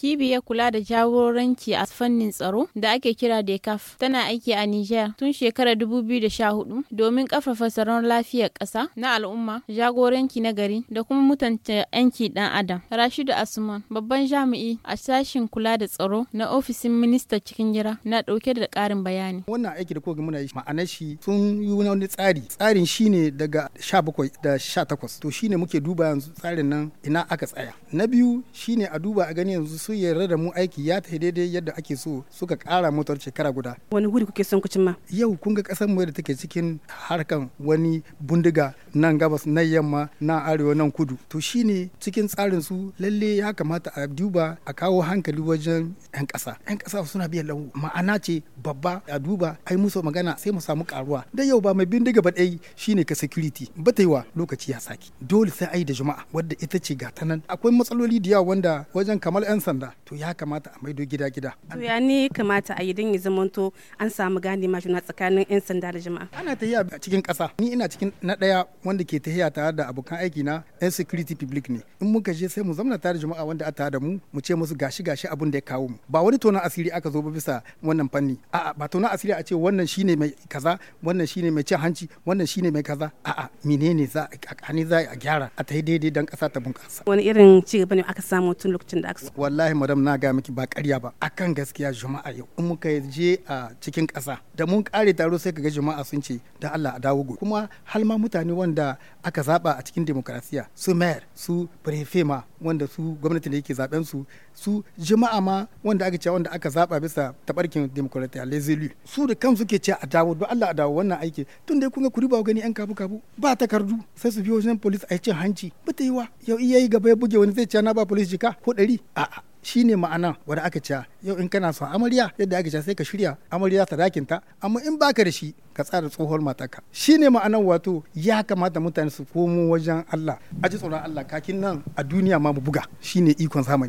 Kibiyar kula da jagoranci a fannin tsaro da ake kira DECAF tana aiki a Nijar tun shekarar 2014 domin ƙarfafa tsaron lafiyar ƙasa na al'umma, jagoranci na gari da kuma mutunta 'yanki ɗan adam. Rashidu Asman, babban jami'i a sashen kula da tsaro na ofishin minista cikin gira na dauke da ƙarin bayani. Wannan aiki da kogi muna yi ma'anar shi sun yi wani tsari. Tsarin shine daga 17 da 18 to shine muke duba yanzu tsarin nan ina aka tsaya. Na biyu shine a duba a gani yanzu sun yarda da mu aiki ya tafi daidai yadda ake so suka kara motar shekara guda wani guri kuke son kucin ma yau kun ga kasar mu da take cikin harkan wani bundiga nan gabas nan yamma na arewa nan kudu to shine cikin tsarin su lalle ya kamata a duba a kawo hankali wajen yan kasa yan kasa suna biyan lau ma'ana ce babba a duba ai musu magana sai mu samu karuwa da yau ba mai bindiga ba dai shine ka security ba ta yi wa lokaci ya saki dole sai ai da juma'a wadda ita ce gata nan akwai matsaloli da yawa wanda wajen kamar yan sanda Uganda to ya kamata a maido gida gida to ya ne kamata a yi don zamanto an samu gane ma juna tsakanin yan sanda da jama'a ana tahiya a cikin ƙasa ni ina cikin na ɗaya wanda ke tahiya tare da abokan aiki na yan security public ne in muka je sai mu zamana tare jama'a wanda a tare da mu mu ce musu gashi gashi abin da ya kawo mu ba wani tonon asiri aka zo ba bisa wannan fanni a'a ba tonon asiri a ce wannan shine mai kaza wannan shine mai cin hanci wannan shine mai kaza a'a menene za a kani za a gyara a ta daidai dan ƙasa ta bunƙasa wani irin ci gaba ne aka samu tun lokacin da aka wallahi madam madam na ga miki ba ƙarya ba akan gaskiya juma'a yau in muka je a cikin ƙasa da mun ƙare taro sai ka ga juma'a sun ce da Allah a dawo gobe kuma har ma mutane wanda aka zaba a cikin demokrasiya su mayor su prefe ma wanda su gwamnati ne yake zaben su su juma'a ma wanda aka ce wanda aka zaba bisa tabarkin demokrasiya lezelu su da kansu ke ce a dawo don Allah a dawo wannan aiki tun dai kun ga kuri b'a gani yan kabu kabu ba takardu sai su biyo wajen police a cin hanci ba ta yi wa yau iyayi yi gaba ya buge wani zai ce na ba police jika ko ɗari a'a shine ma'ana wanda aka ce yau in kana son amarya yadda aka ce sai ka shirya amarya sadakin ta amma in baka da shi ka tsara tsohuwar matarka shine ma'ana wato ya kamata mutane su komo wajen Allah a tsoron Allah kakin nan a duniya ma mu buga shine ikon zamani